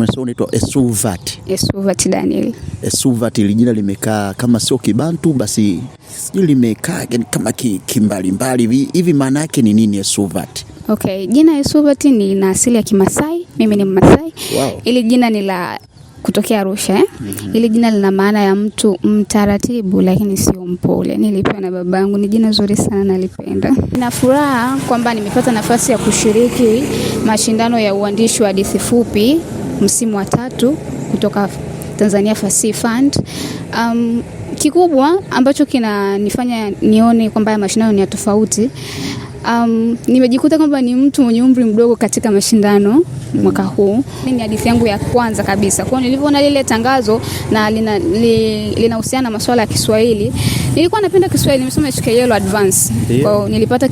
mwenzio unaitwa Esuvat. Esuvat Daniel. Esuvat ile jina limekaa kama sio Kibantu basi sijui limekaa yani kama kimbalimbali ki hivi, maana yake ni nini Esuvat? Okay, jina Esuvat ni na asili ya Kimasai, mimi ni Mmasai. Wow. Ili jina ni la kutokea Arusha eh? mm -hmm. Ili jina lina maana ya mtu mtaratibu, lakini sio mpole. Nilipewa na babangu, ni jina zuri sana, nalipenda. Nina furaha kwamba nimepata nafasi ya kushiriki mashindano ya uandishi wa hadithi fupi msimu wa tatu kutoka Tanzania Fasi Fund. Um, kikubwa ambacho kinanifanya nione kwamba haya mashindano ni ya tofauti um, nimejikuta kwamba ni mtu mwenye umri mdogo katika mashindano Hmm. mwaka huu. Ni hadithi yangu ya kwanza kabisa. Kwa hiyo nilivyoona lile tangazo na linahusiana li, na masuala ya Kiswahili, nilikuwa napenda Kiswahili, nimesoma HK Yellow advance. Kwa hiyo nilipata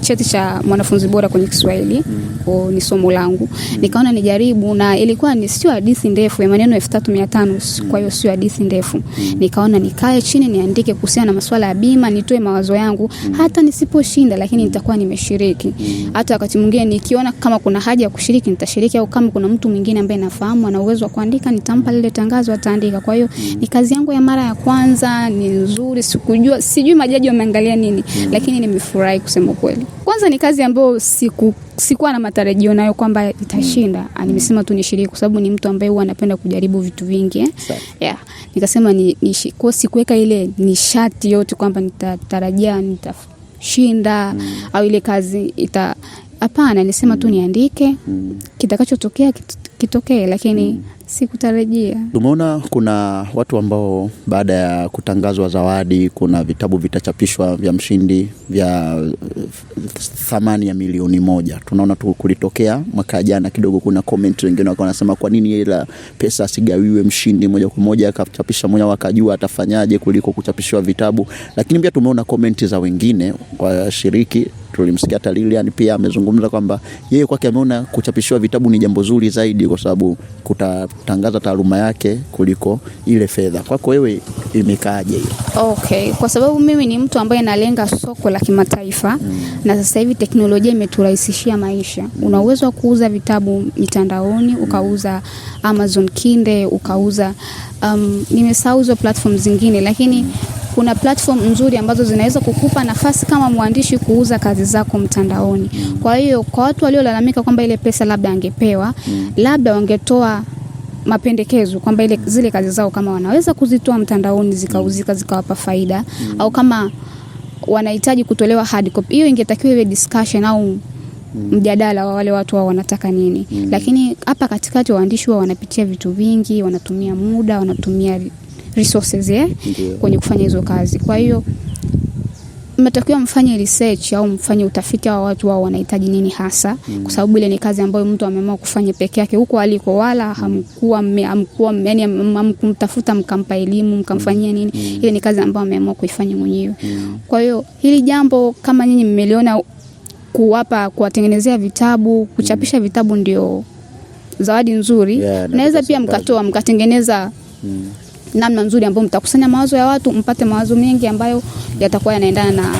cheti cha mwanafunzi bora kwenye Kiswahili, hmm. kwa ni somo langu. Hmm. Nikaona nijaribu na ilikuwa ni sio hadithi ndefu ya maneno 3500, kwa hiyo sio hadithi ndefu. Nikaona nikae chini niandike kuhusiana na masuala ya bima, nitoe mawazo yangu hata nisiposhinda, lakini nitakuwa nimeshiriki. Hata wakati mwingine nikiona kama kuna haja ya kushiriki nita nashiriki au kama kuna mtu mwingine ambaye nafahamu ana uwezo wa kuandika, nitampa lile tangazo, ataandika. Kwa hiyo mm. ni kazi yangu ya mara ya kwanza, ni nzuri, sikujua, sijui majaji wameangalia nini, mm. lakini nimefurahi kusema kweli. Kwanza ni kazi ambayo siku sikuwa na matarajio nayo kwamba itashinda. Mm. Ah, nimesema tu nishiriki kwa sababu ni mtu ambaye huwa anapenda kujaribu vitu vingi eh. Yeah. Nikasema ni, ni shi, kwa sikuweka ile nishati yote kwamba nitatarajia nitashinda mm. au ile kazi ita Hapana, nisema tu mm. niandike mm. Kitakachotokea kit, kitokee, lakini mm. sikutarajia. Tumeona kuna watu ambao baada ya kutangazwa zawadi, kuna vitabu vitachapishwa vya mshindi vya uh, thamani ya milioni moja. Tunaona tu kulitokea mwaka jana kidogo, kuna comment wengine wakawa wanasema kwa nini ila pesa asigawiwe mshindi moja kwa moja akachapisha mwenyewe, wakajua atafanyaje kuliko kuchapishiwa vitabu. Lakini pia tumeona komenti za wengine washiriki tulimsikia hata Lilian pia amezungumza kwamba yeye kwake ameona kuchapishiwa vitabu ni jambo zuri zaidi, kwa sababu kutatangaza taaluma yake kuliko ile fedha. Kwako wewe imekaaje hiyo? Okay, kwa sababu mimi ni mtu ambaye nalenga soko la kimataifa mm. na sasa hivi teknolojia imeturahisishia maisha mm. una uwezo wa kuuza vitabu mitandaoni mm. ukauza Amazon Kindle ukauza um, nimesahau hizo platform zingine lakini mm kuna platform nzuri ambazo zinaweza kukupa nafasi kama mwandishi kuuza kazi zako mtandaoni. Kwa hiyo kwa watu waliolalamika kwamba ile pesa labda angepewa, labda wangetoa mapendekezo kwamba ile zile kazi zao kama wanaweza kuzitoa mtandaoni zikauzika zikawapa faida mm. au kama wanahitaji kutolewa hard copy, hiyo ingetakiwa iwe discussion au mjadala wa wale watu wao wanataka nini mm. Lakini hapa katikati waandishi wao wanapitia vitu vingi, wanatumia muda, wanatumia resources eh, kwenye kufanya hizo kazi. Kwa hiyo mnatakiwa mfanye research au mfanye utafiti wa watu wao wanahitaji nini hasa, mm. kwa sababu ile ni kazi ambayo mtu ameamua kufanya peke yake huko aliko, wala mm. hamkuwa hamkuwa yani hamkumtafuta mkampa elimu mkamfanyia mm. nini. Ile ni kazi ambayo ameamua kuifanya mwenyewe. Kwa hiyo hili jambo kama nyinyi mmeliona kuwapa kuwatengenezea vitabu, kuchapisha vitabu ndio zawadi nzuri, yeah, naweza pia mkatoa mkatengeneza mm namna nzuri ambayo mtakusanya mawazo ya watu mpate mawazo mengi ambayo yatakuwa yanaendana na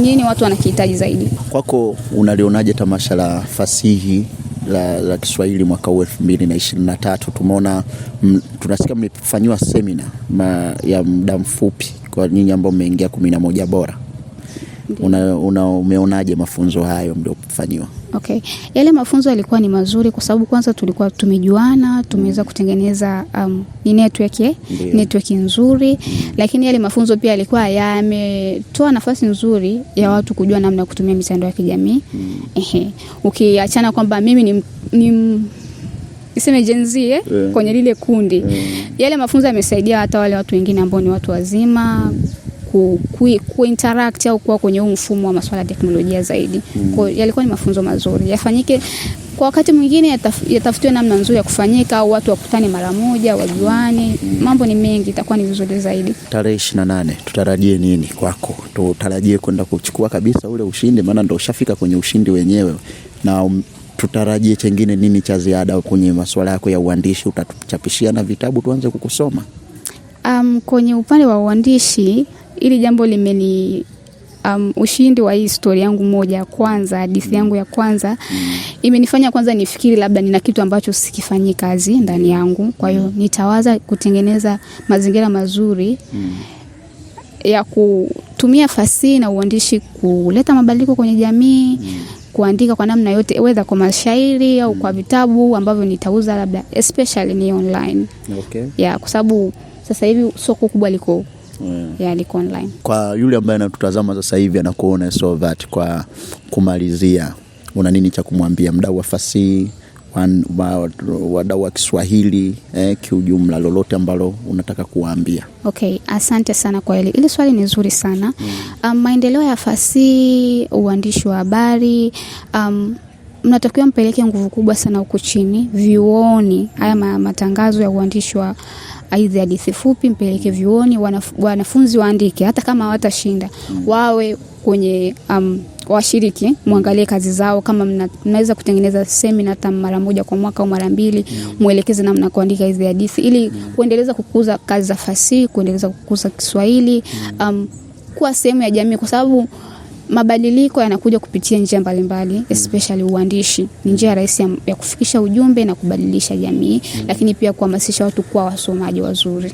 nini watu wanakihitaji zaidi. Kwako unalionaje tamasha la fasihi la, la Kiswahili mwaka huu elfu mbili na ishirini na tatu? Tumeona tunasikia mmefanyiwa semina ya muda mfupi kwa nyinyi ambao mmeingia kumi na moja bora. Una, una umeonaje mafunzo hayo mliofanyiwa? Okay. Yale mafunzo yalikuwa ni mazuri kwa sababu kwanza tulikuwa tumejuana, tumeweza mm. kutengeneza um, ni network Network nzuri, mm. lakini yale mafunzo pia yalikuwa yametoa nafasi nzuri ya mm. watu kujua namna ya kutumia mitandao ya kijamii. Ehe. Ukiachana okay, kwamba mimi ni, ni iseme Gen Z eh? Yeah. Kwenye lile kundi. Yeah. Yale mafunzo yamesaidia hata wale watu wengine ambao ni watu wazima. Yeah ku, ku, ku interact au kuwa kwenye huu mfumo wa masuala ya teknolojia zaidi. Mm. Kwa yalikuwa ni mafunzo mazuri. Yafanyike kwa wakati mwingine yataf, yatafutiwe namna nzuri ya kufanyika au watu wakutane mara moja, wajuane. Mm. Mambo ni mengi, itakuwa ni vizuri zaidi. Tarehe na nane tutarajie nini kwako? Tutarajie kwenda kuchukua kabisa ule ushindi, maana ndio ushafika kwenye ushindi wenyewe na um, tutarajie chengine nini cha ziada kwenye masuala yako ya uandishi? Utatuchapishia na vitabu tuanze kukusoma? Um, kwenye upande wa uandishi ili jambo limeni um, ushindi wa hii stori yangu moja ya kwanza, hadithi yangu ya kwanza imenifanya kwanza nifikiri labda nina kitu ambacho sikifanyi kazi ndani yangu, kwa hiyo nitawaza kutengeneza mazingira mazuri ya kutumia fasihi na uandishi kuleta mabadiliko kwenye jamii kuandika kwa namna yote, wedha kwa mashairi au kwa vitabu ambavyo nitauza labda especially ni online. Okay. Yeah, kwa sababu sasa hivi soko kubwa liko huko yeah, liko online. Kwa yule ambaye anatutazama sasa hivi anakuona so that, kwa kumalizia, una nini cha kumwambia mdau wa fasihi, wadau wa Kiswahili eh, kiujumla, lolote ambalo unataka kuwaambia? Okay, asante sana kwa hili. Hili swali ni zuri sana mm. um, maendeleo ya fasihi, uandishi wa habari um, mnatakiwa mpeleke nguvu kubwa sana huko chini vyuoni. Haya matangazo ya uandishi wa aidha hadithi fupi mpeleke vyuoni, wanaf, wanafunzi waandike, hata kama watashinda mm. wawe kwenye um, washiriki mwangalie kazi zao. Kama mna, mnaweza kutengeneza semina hata mara moja kwa mwaka au mara mbili, mm. mwelekeze namna kuandika hizi hadithi ili mm. kuendeleza kukuza kazi za fasihi, kuendeleza kukuza Kiswahili um, kuwa sehemu ya jamii kwa sababu mabadiliko yanakuja kupitia njia mbalimbali mbali, mm. especially uandishi ni njia rahisi ya, ya kufikisha ujumbe na kubadilisha jamii, mm. lakini pia kuhamasisha watu kuwa wasomaji wazuri.